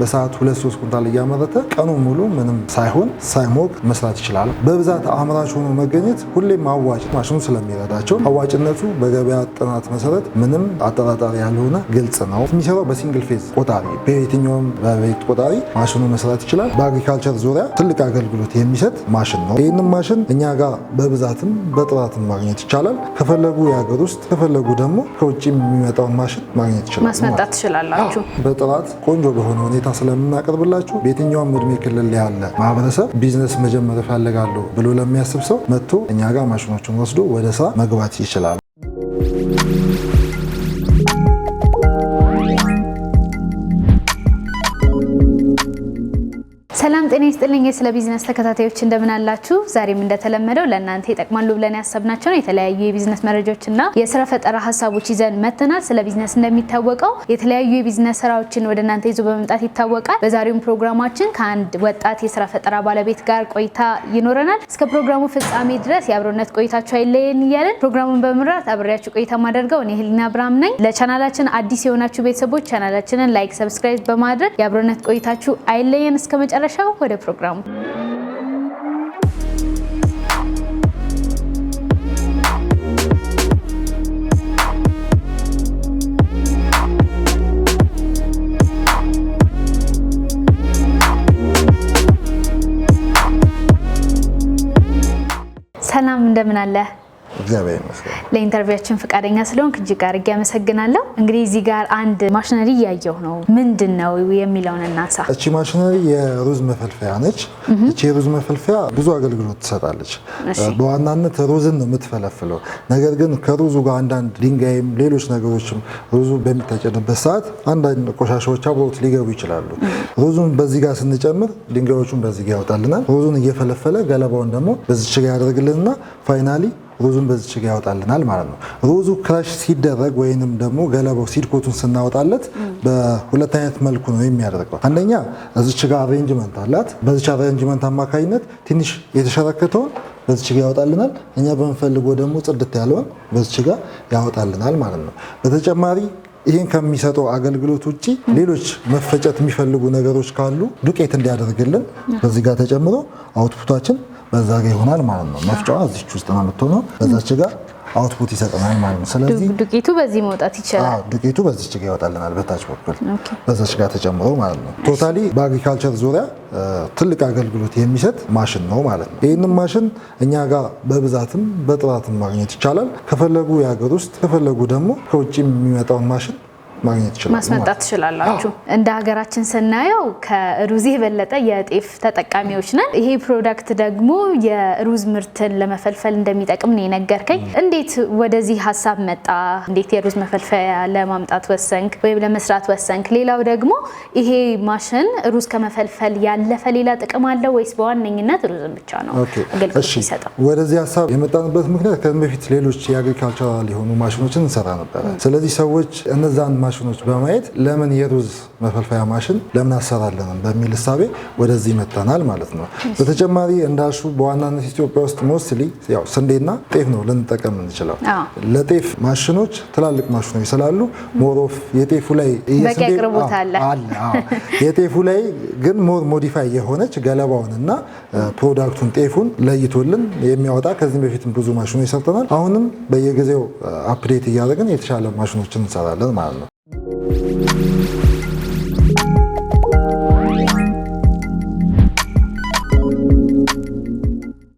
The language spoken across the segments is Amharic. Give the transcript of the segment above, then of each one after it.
በሰዓት ሁለት ሶስት ኩንታል እያመረተ ቀኑ ሙሉ ምንም ሳይሆን ሳይሞቅ መስራት ይችላል። በብዛት አምራች ሆኖ መገኘት ሁሌም አዋጭ ማሽኑ ስለሚረዳቸው አዋጭነቱ በገበያ ጥናት መሰረት ምንም አጠራጣሪ ያልሆነ ግልጽ ነው። የሚሰራው በሲንግል ፌዝ ቆጣሪ፣ በየትኛውም በቤት ቆጣሪ ማሽኑ መስራት ይችላል። በአግሪካልቸር ዙሪያ ትልቅ አገልግሎት የሚሰጥ ማሽን ነው። ይህንም ማሽን እኛ ጋር በብዛትም በጥራትም ማግኘት ይቻላል። ከፈለጉ የሀገር ውስጥ ከፈለጉ ደግሞ ከውጭ የሚመጣውን ማሽን ማግኘት ይችላል። ማስመጣት ትችላላችሁ። በጥራት ቆንጆ በሆነ ሁኔታ ሁኔታ ስለምናቀርብላችሁ በየትኛውም እድሜ ክልል ያለ ማህበረሰብ ቢዝነስ መጀመር እፈልጋለሁ ብሎ ለሚያስብ ሰው መጥቶ እኛ ጋር ማሽኖችን ወስዶ ወደ ስራ መግባት ይችላል። ሰላም ጤና ይስጥልኝ። ስለ ቢዝነስ ተከታታዮች እንደምን አላችሁ? ዛሬም እንደተለመደው ለእናንተ ይጠቅማሉ ብለን ያሰብናቸውን የተለያዩ የቢዝነስ መረጃዎችና የስራ ፈጠራ ሀሳቦች ይዘን መተናል። ስለ ቢዝነስ እንደሚታወቀው የተለያዩ የቢዝነስ ስራዎችን ወደ እናንተ ይዞ በመምጣት ይታወቃል። በዛሬውም ፕሮግራማችን ከአንድ ወጣት የስራ ፈጠራ ባለቤት ጋር ቆይታ ይኖረናል። እስከ ፕሮግራሙ ፍጻሜ ድረስ የአብሮነት ቆይታችሁ አይለየን እያለን ፕሮግራሙን በመምራት አብሬያችሁ ቆይታ ማደርገው እኔ ህሊና ብርሃም ነኝ። ለቻናላችን አዲስ የሆናችሁ ቤተሰቦች ቻናላችንን ላይክ፣ ሰብስክራይብ በማድረግ የአብሮነት ቆይታችሁ አይለየን እስከ መጨረሻው ወደ ፕሮግራሙ ሰላም እንደምን አለ እግዚአብሔር ይመስገን። ለኢንተርቪዋችን ፈቃደኛ ስለሆንክ እጅግ አድርጌ አመሰግናለሁ። እንግዲህ እዚህ ጋር አንድ ማሽነሪ እያየሁ ነው፣ ምንድን ነው የሚለውን እናንሳ። እቺ ማሽነሪ የሩዝ መፈልፈያ ነች። እቺ የሩዝ መፈልፈያ ብዙ አገልግሎት ትሰጣለች። በዋናነት ሩዝን ነው የምትፈለፍለው። ነገር ግን ከሩዙ ጋር አንዳንድ ድንጋይም ሌሎች ነገሮችም ሩዙ በሚታጨንበት ሰዓት አንዳንድ ቆሻሻዎች አብሮት ሊገቡ ይችላሉ። ሩዙን በዚህ ጋር ስንጨምር ድንጋዮቹን በዚህ ጋር ያወጣልናል። ሩዙን እየፈለፈለ ገለባውን ደግሞ በዚች ጋር ያደርግልንና ፋይናሊ ሩዙን በዚች ጋ ያወጣልናል ማለት ነው። ሩዙ ክራሽ ሲደረግ ወይንም ደግሞ ገለባው ሲድኮቱን ስናወጣለት በሁለት አይነት መልኩ ነው የሚያደርገው። አንደኛ እዚች ጋ አሬንጅመንት አላት። በዚች አሬንጅመንት አማካኝነት ትንሽ የተሸረከተውን በዚች ጋ ያወጣልናል። እኛ በምንፈልገው ደግሞ ጽድት ያለውን በዚች ጋ ያወጣልናል ማለት ነው። በተጨማሪ ይህን ከሚሰጠው አገልግሎት ውጭ ሌሎች መፈጨት የሚፈልጉ ነገሮች ካሉ ዱቄት እንዲያደርግልን በዚህ ጋር ተጨምሮ አውትፑታችን በዛ ጋር ይሆናል ማለት ነው። መፍጫዋ እዚች ውስጥ ነው የምትሆነው። በዛች ጋር አውትፑት ይሰጠናል ማለት ነው። ስለዚህ ዱቄቱ በዚህ መውጣት ይችላል። ዱቄቱ በዚች ጋር ይወጣልናል በታች በኩል በዛች ጋር ተጨምሮ ማለት ነው። ቶታሊ በአግሪካልቸር ዙሪያ ትልቅ አገልግሎት የሚሰጥ ማሽን ነው ማለት ነው። ይህንም ማሽን እኛ ጋር በብዛትም በጥራትም ማግኘት ይቻላል። ከፈለጉ የሀገር ውስጥ ከፈለጉ ደግሞ ከውጭ የሚመጣውን ማሽን ማግኘት ይችላል ማስመጣት ትችላላችሁ። እንደ ሀገራችን ስናየው ከሩዝ የበለጠ የጤፍ ተጠቃሚዎች ነን። ይሄ ፕሮዳክት ደግሞ የሩዝ ምርትን ለመፈልፈል እንደሚጠቅም ነው የነገርከኝ። እንዴት ወደዚህ ሀሳብ መጣ? እንዴት የሩዝ መፈልፈያ ለማምጣት ወሰንክ ወይም ለመስራት ወሰንክ? ሌላው ደግሞ ይሄ ማሽን ሩዝ ከመፈልፈል ያለፈ ሌላ ጥቅም አለው ወይስ በዋነኝነት ሩዝን ብቻ ነው አገልግሎት ይሰጠው? ወደዚህ ሀሳብ የመጣንበት ምክንያት ከዚህ በፊት ሌሎች የአግሪካልቸራል የሆኑ ማሽኖችን እንሰራ ነበረ። ስለዚህ ሰዎች እነዛን ማሽኖች በማየት ለምን የሩዝ መፈልፈያ ማሽን ለምን አሰራለንም በሚል እሳቤ ወደዚህ መጥተናል ማለት ነው። በተጨማሪ እንዳሹ በዋናነት ኢትዮጵያ ውስጥ ሞስትሊ ያው ስንዴና ጤፍ ነው ልንጠቀም እንችለው። ለጤፍ ማሽኖች ትላልቅ ማሽኖች ስላሉ ሞሮፍ የጤፉ ላይ የጤፉ ላይ ግን ሞር ሞዲፋይ የሆነች ገለባውንና ፕሮዳክቱን ጤፉን ለይቶልን የሚያወጣ ከዚህም በፊትም ብዙ ማሽኖች ሰርተናል። አሁንም በየጊዜው አፕዴት uh, እያደረግን የተሻለ ማሽኖችን እንሰራለን ማለት ነው።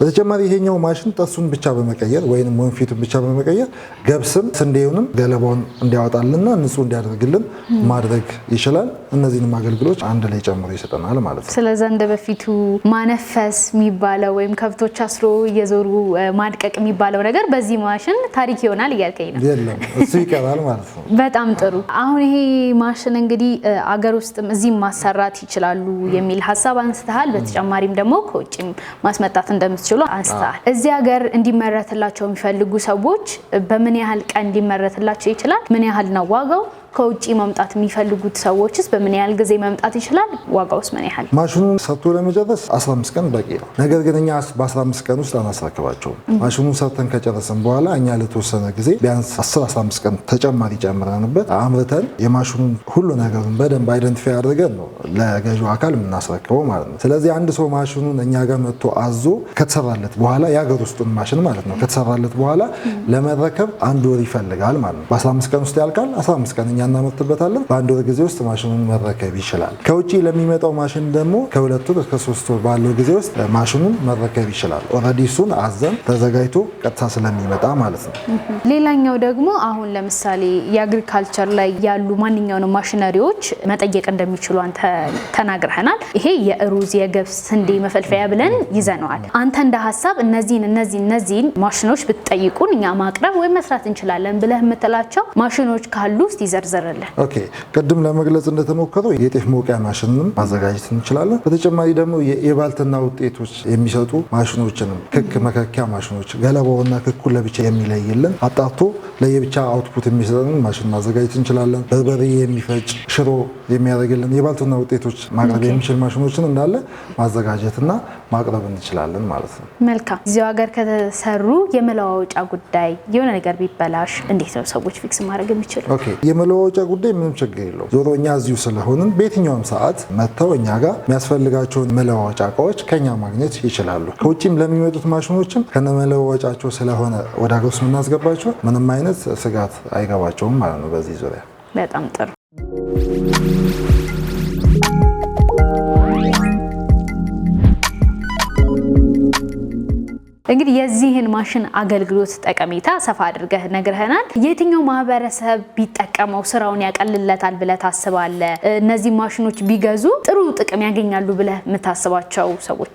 በተጨማሪ ይሄኛው ማሽን ጠሱን ብቻ በመቀየር ወይም ወንፊቱን ብቻ በመቀየር ገብስም ስንዴውንም ገለባውን እንዲያወጣልንና ንጹህ እንዲያደርግልን ማድረግ ይችላል። እነዚህንም አገልግሎች አንድ ላይ ጨምሮ ይሰጠናል ማለት ነው። ስለዚ እንደ በፊቱ ማነፈስ የሚባለው ወይም ከብቶች አስሮ እየዞሩ ማድቀቅ የሚባለው ነገር በዚህ ማሽን ታሪክ ይሆናል እያልከኝ ነው? የለም እሱ ይቀራል ማለት ነው። በጣም ጥሩ። አሁን ይሄ ማሽን እንግዲህ አገር ውስጥም እዚህም ማሰራት ይችላሉ የሚል ሀሳብ አንስተሃል። በተጨማሪም ደግሞ ከውጭም ማስመጣት እንደምትችል ሲሉ አንስተዋል። እዚህ ሀገር እንዲመረትላቸው የሚፈልጉ ሰዎች በምን ያህል ቀን እንዲመረትላቸው ይችላል? ምን ያህል ነው ዋጋው? ከውጭ መምጣት የሚፈልጉት ሰዎችስ በምን ያህል ጊዜ መምጣት ይችላል? ዋጋውስ ምን ያህል? ማሽኑን ሰርቶ ለመጨረስ 15 ቀን በቂ ነው። ነገር ግን እኛ በ15 ቀን ውስጥ አናስረክባቸውም። ማሽኑን ሰርተን ከጨረስን በኋላ እኛ ለተወሰነ ጊዜ ቢያንስ 10-15 ቀን ተጨማሪ ጨምረንበት አምርተን የማሽኑን ሁሉ ነገሩን በደንብ አይደንቲፋይ አድርገን ነው ለገዢው አካል የምናስረክበው ማለት ነው። ስለዚህ አንድ ሰው ማሽኑን እኛ ጋር መጥቶ አዞ ከተሰራለት በኋላ የሀገር ውስጡን ማሽን ማለት ነው ከተሰራለት በኋላ ለመረከብ አንድ ወር ይፈልጋል ማለት ነው። በ15 ቀን ውስጥ ያልቃል። 15 ቀን እኛ እናመርትበታለን። በአንድ ወር ጊዜ ውስጥ ማሽኑን መረከብ ይችላል። ከውጭ ለሚመጣው ማሽን ደግሞ ከሁለት ወር እስከ ሶስት ወር ባለው ጊዜ ውስጥ ማሽኑን መረከብ ይችላል። ኦልሬዲ እሱን አዘን ተዘጋጅቶ ቀጥታ ስለሚመጣ ማለት ነው። ሌላኛው ደግሞ አሁን ለምሳሌ የአግሪካልቸር ላይ ያሉ ማንኛውንም ማሽነሪዎች መጠየቅ እንደሚችሉ አንተ ተናግረህናል። ይሄ የሩዝ የገብስ ስንዴ መፈልፈያ ብለን ይዘነዋል። አንተ እንደ ሀሳብ እነዚህን እነዚህ እነዚህን ማሽኖች ብትጠይቁን እኛ ማቅረብ ወይም መስራት እንችላለን ብለህ የምትላቸው ማሽኖች ካሉ ውስጥ ዘረለን። ኦኬ ቅድም ለመግለጽ እንደተሞከረው የጤፍ መውቂያ ማሽንንም ማዘጋጀት እንችላለን። በተጨማሪ ደግሞ የባልትና ውጤቶች የሚሰጡ ማሽኖችንም ክክ መከኪያ ማሽኖች ገለባውና ክኩን ለብቻ የሚለይልን አጣቶ ለየብቻ አውትፑት የሚሰጠንን ማሽን ማዘጋጀት እንችላለን። በርበሬ የሚፈጭ ሽሮ የሚያደርግልን የባልትና ውጤቶች ማቅረብ የሚችል ማሽኖችን እንዳለ ማዘጋጀትና ማቅረብ እንችላለን ማለት ነው። መልካም እዚሁ ሀገር ከተሰሩ የመለዋወጫ ጉዳይ የሆነ ነገር ቢበላሽ እንዴት ነው ሰዎች ፊክስ ማድረግ የሚችሉ መለዋወጫ ጉዳይ ምንም ችግር የለውም። ዞሮ እኛ እዚሁ ስለሆንን በየትኛውም ሰዓት መጥተው እኛ ጋር የሚያስፈልጋቸውን መለዋወጫ እቃዎች ከኛ ማግኘት ይችላሉ። ከውጭም ለሚመጡት ማሽኖችም ከነመለዋወጫቸው ስለሆነ ወደ ሀገር ውስጥ የምናስገባቸው ምንም አይነት ስጋት አይገባቸውም ማለት ነው በዚህ ዙሪያ በጣም ጥሩ እንግዲህ የዚህን ማሽን አገልግሎት ጠቀሜታ ሰፋ አድርገህ ነግረህናል። የትኛው ማህበረሰብ ቢጠቀመው ስራውን ያቀልለታል ብለህ ታስባለህ? እነዚህ ማሽኖች ቢገዙ ጥሩ ጥቅም ያገኛሉ ብለህ የምታስባቸው ሰዎች?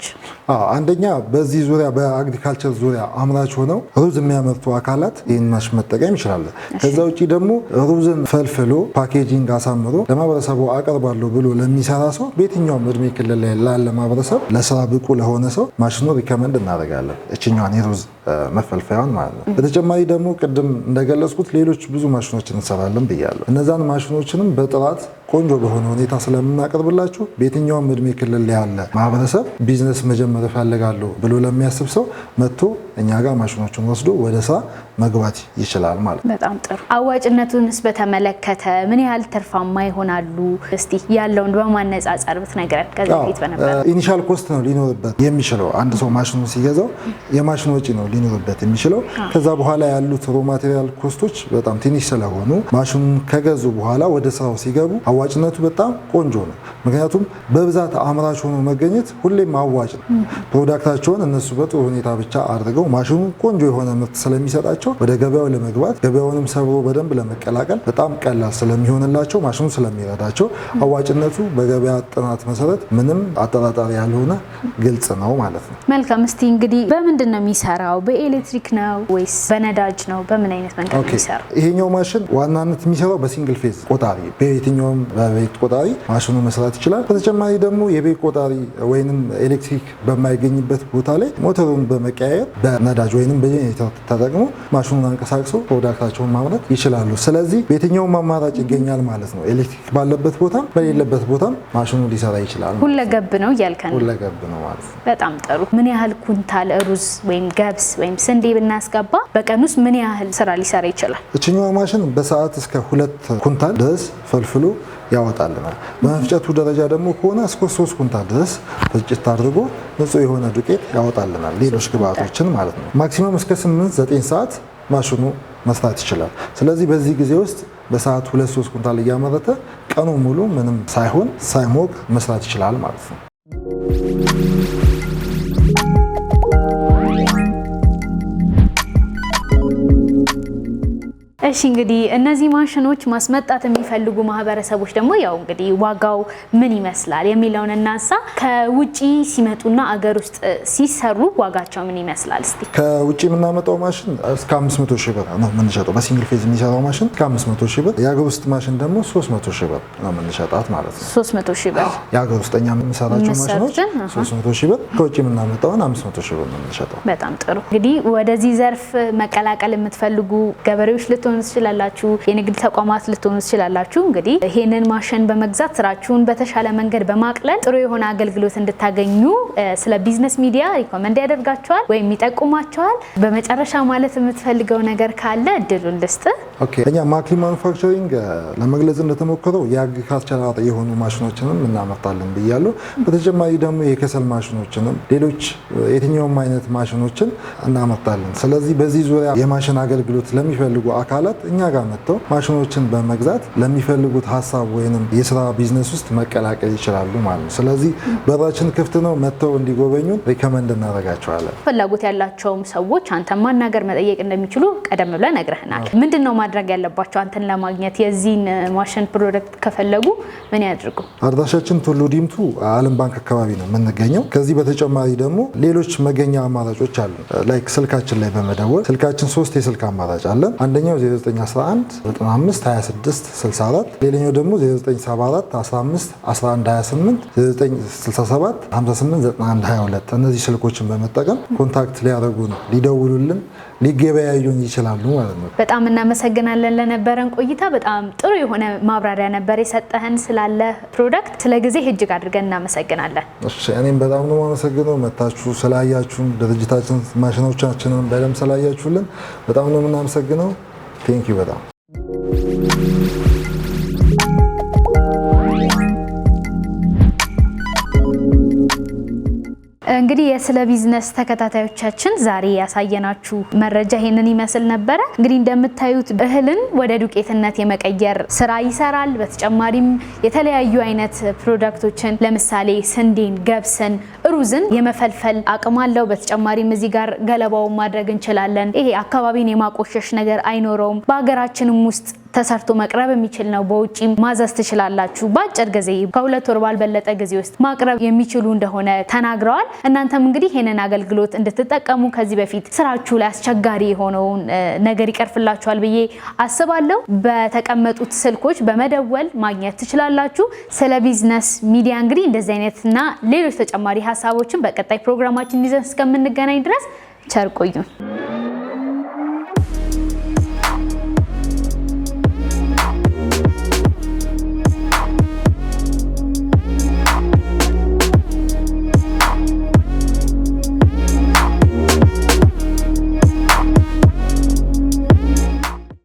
አንደኛ በዚህ ዙሪያ በአግሪካልቸር ዙሪያ አምራች ሆነው ሩዝ የሚያመርቱ አካላት ይህን ማሽን መጠቀም ይችላል። ከዛ ውጭ ደግሞ ሩዝን ፈልፍሎ ፓኬጂንግ አሳምሮ ለማህበረሰቡ አቀርባለሁ ብሎ ለሚሰራ ሰው በየትኛውም እድሜ ክልል ላይ ላለ ማህበረሰብ፣ ለስራ ብቁ ለሆነ ሰው ማሽኑ ሪከመንድ እናደርጋለን። 今年年底。መፈልፈያውን ማለት ነው። በተጨማሪ ደግሞ ቅድም እንደገለጽኩት ሌሎች ብዙ ማሽኖችን እንሰራለን ብያለሁ። እነዛን ማሽኖችንም በጥራት ቆንጆ በሆነ ሁኔታ ስለምናቀርብላችሁ በየትኛውም እድሜ ክልል ያለ ማህበረሰብ ቢዝነስ መጀመር እፈልጋለሁ ብሎ ለሚያስብ ሰው መጥቶ እኛ ጋር ማሽኖችን ወስዶ ወደ ስራ መግባት ይችላል ማለት ነው። በጣም ጥሩ። አዋጭነቱንስ በተመለከተ ምን ያህል ትርፋማ ይሆናሉ? እስቲ ያለውን በማነጻጸር ብትነግረን። ከዚህ በፊት በነበረ ኢኒሻል ኮስት ነው ሊኖርበት የሚችለው አንድ ሰው ማሽኑን ሲገዛው የማሽኑ ወጪ ነው ሊኖርበት የሚችለው ከዛ በኋላ ያሉት ሮ ማቴሪያል ኮስቶች በጣም ትንሽ ስለሆኑ ማሽኑን ከገዙ በኋላ ወደ ስራው ሲገቡ አዋጭነቱ በጣም ቆንጆ ነው። ምክንያቱም በብዛት አምራች ሆኖ መገኘት ሁሌም አዋጭ ነው። ፕሮዳክታቸውን እነሱ በጥሩ ሁኔታ ብቻ አድርገው ማሽኑ ቆንጆ የሆነ ምርት ስለሚሰጣቸው ወደ ገበያው ለመግባት ገበያውንም ሰብሮ በደንብ ለመቀላቀል በጣም ቀላል ስለሚሆንላቸው ማሽኑ ስለሚረዳቸው አዋጭነቱ በገበያ ጥናት መሰረት ምንም አጠራጣሪ ያልሆነ ግልጽ ነው ማለት ነው። መልካም። እስቲ እንግዲህ በምንድን ነው የሚሰራው? በኤሌክትሪክ ነው ወይስ በነዳጅ ነው? በምን አይነት መንገድ ነው የሚሰራው? ይሄኛው ማሽን ዋናነት የሚሰራው በሲንግል ፌዝ ቆጣሪ፣ በየትኛውም በቤት ቆጣሪ ማሽኑ መስራት ይችላል። በተጨማሪ ደግሞ የቤት ቆጣሪ ወይንም ኤሌክትሪክ በማይገኝበት ቦታ ላይ ሞተሩን በመቀያየር በነዳጅ ወይንም በጀኔሬተር ተጠቅሞ ማሽኑን አንቀሳቅሰው ፕሮዳክታቸውን ማምረት ይችላሉ። ስለዚህ በየትኛውም አማራጭ ይገኛል ማለት ነው። ኤሌክትሪክ ባለበት ቦታም በሌለበት ቦታም ማሽኑ ሊሰራ ይችላል። ሁለገብ ነው እያልከን? ሁለገብ ነው ማለት ነው። በጣም ጥሩ። ምን ያህል ኩንታል ሩዝ ወይም ገብስ ወይም ስንዴ ብናስገባ በቀን ውስጥ ምን ያህል ስራ ሊሰራ ይችላል? እችኛዋ ማሽን በሰዓት እስከ ሁለት ኩንታል ድረስ ፈልፍሎ ያወጣልናል። በመፍጨቱ ደረጃ ደግሞ ከሆነ እስከ ሶስት ኩንታል ድረስ ፍጭት አድርጎ ንጹህ የሆነ ዱቄት ያወጣልናል። ሌሎች ግብአቶችን ማለት ነው። ማክሲመም እስከ 8 9 ሰዓት ማሽኑ መስራት ይችላል። ስለዚህ በዚህ ጊዜ ውስጥ በሰዓት ሁለት ሶስት ኩንታል እያመረተ ቀኑ ሙሉ ምንም ሳይሆን ሳይሞቅ መስራት ይችላል ማለት ነው። እሺ እንግዲህ እነዚህ ማሽኖች ማስመጣት የሚፈልጉ ማህበረሰቦች ደግሞ ያው እንግዲህ ዋጋው ምን ይመስላል የሚለውን እናንሳ። ከውጪ ሲመጡና አገር ውስጥ ሲሰሩ ዋጋቸው ምን ይመስላል? እስቲ ከውጭ የምናመጣው ማሽን እስከ 500 ሺህ ብር ነው የምንሸጠው። በሲንግል ፌዝ የሚሰራው ማሽን እስከ 500 ሺህ ብር፣ የአገር ውስጥ ማሽን ደግሞ 300 ሺህ ብር ነው የምንሸጣት ማለት ነው። 300 ሺህ ብር የአገር ውስጠኛ የምንሰራቸው ማሽኖች 300 ሺህ ብር፣ ከውጭ የምናመጣውን 500 ሺህ ብር ነው የምንሸጠው። በጣም ጥሩ። እንግዲህ ወደዚህ ዘርፍ መቀላቀል የምትፈልጉ ገበሬዎች ልትሆኑ ልትሆኑ ትችላላችሁ፣ የንግድ ተቋማት ልትሆኑ ትችላላችሁ። እንግዲህ ይህንን ማሽን በመግዛት ስራችሁን በተሻለ መንገድ በማቅለል ጥሩ የሆነ አገልግሎት እንድታገኙ ስለ ቢዝነስ ሚዲያ ሪኮመንድ ያደርጋቸዋል ወይም ይጠቁማቸዋል። በመጨረሻ ማለት የምትፈልገው ነገር ካለ እድሉን ልስጥ። እኛ ማክሊ ማኑፋክቸሪንግ ለመግለጽ እንደተሞክረው የአግሪካልቸር የሆኑ ማሽኖችንም እናመርታለን ብያለሁ። በተጨማሪ ደግሞ የከሰል ማሽኖችንም ሌሎች የትኛውም አይነት ማሽኖችን እናመርታለን። ስለዚህ በዚህ ዙሪያ የማሽን አገልግሎት ለሚፈልጉ አካል አካላት እኛ ጋር መጥተው ማሽኖችን በመግዛት ለሚፈልጉት ሀሳብ ወይም የስራ ቢዝነስ ውስጥ መቀላቀል ይችላሉ ማለት ነው። ስለዚህ በራችን ክፍት ነው፣ መጥተው እንዲጎበኙን ሪከመንድ እናደርጋቸዋለን። ፍላጎት ያላቸውም ሰዎች አንተን ማናገር መጠየቅ እንደሚችሉ ቀደም ብለን ነግረህናል። ምንድን ነው ማድረግ ያለባቸው አንተን ለማግኘት የዚህን ማሽን ፕሮደክት ከፈለጉ ምን ያድርጉ? አድራሻችን ቱሉ ዲምቱ አለም ባንክ አካባቢ ነው የምንገኘው። ከዚህ በተጨማሪ ደግሞ ሌሎች መገኛ አማራጮች አሉ። ላይክ ስልካችን ላይ በመደወል ስልካችን ሶስት የስልክ አማራጭ አለን። አንደኛው 0911 95 26 64 ሌላኛው ደግሞ 0974 15 11 28 967 58 91 22 እነዚህ ስልኮችን በመጠቀም ኮንታክት ሊያደርጉን ሊደውሉልን ሊገበያዩን ይችላሉ ማለት ነው። በጣም እናመሰግናለን ለነበረን ቆይታ። በጣም ጥሩ የሆነ ማብራሪያ ነበር የሰጠህን ስላለ ፕሮዳክት፣ ስለ ጊዜ እጅግ አድርገን እናመሰግናለን። እኔም በጣም ነው የማመሰግነው መታችሁ ስላያችሁን ድርጅታችን ማሽኖቻችንን በደንብ ስላያችሁልን በጣም ነው የምናመሰግነው። ቴንክ ዩ በጣም እንግዲህ የስለ ቢዝነስ ተከታታዮቻችን ዛሬ ያሳየናችሁ መረጃ ይሄንን ይመስል ነበረ። እንግዲህ እንደምታዩት እህልን ወደ ዱቄትነት የመቀየር ስራ ይሰራል። በተጨማሪም የተለያዩ አይነት ፕሮዳክቶችን ለምሳሌ ስንዴን፣ ገብስን ሩዝን የመፈልፈል አቅም አለው። በተጨማሪም እዚህ ጋር ገለባውን ማድረግ እንችላለን። ይሄ አካባቢን የማቆሸሽ ነገር አይኖረውም። በሀገራችንም ውስጥ ተሰርቶ መቅረብ የሚችል ነው። በውጭ ማዘዝ ትችላላችሁ። በአጭር ጊዜ ከሁለት ወር ባልበለጠ ጊዜ ውስጥ ማቅረብ የሚችሉ እንደሆነ ተናግረዋል። እናንተም እንግዲህ ይህንን አገልግሎት እንድትጠቀሙ ከዚህ በፊት ስራችሁ ላይ አስቸጋሪ የሆነውን ነገር ይቀርፍላችኋል ብዬ አስባለሁ። በተቀመጡት ስልኮች በመደወል ማግኘት ትችላላችሁ። ስለ ቢዝነስ ሚዲያ እንግዲህ እንደዚህ አይነትና ሌሎች ተጨማሪ ሀሳቦችን በቀጣይ ፕሮግራማችን ይዘን እስከምንገናኝ ድረስ ቸር ቆዩን።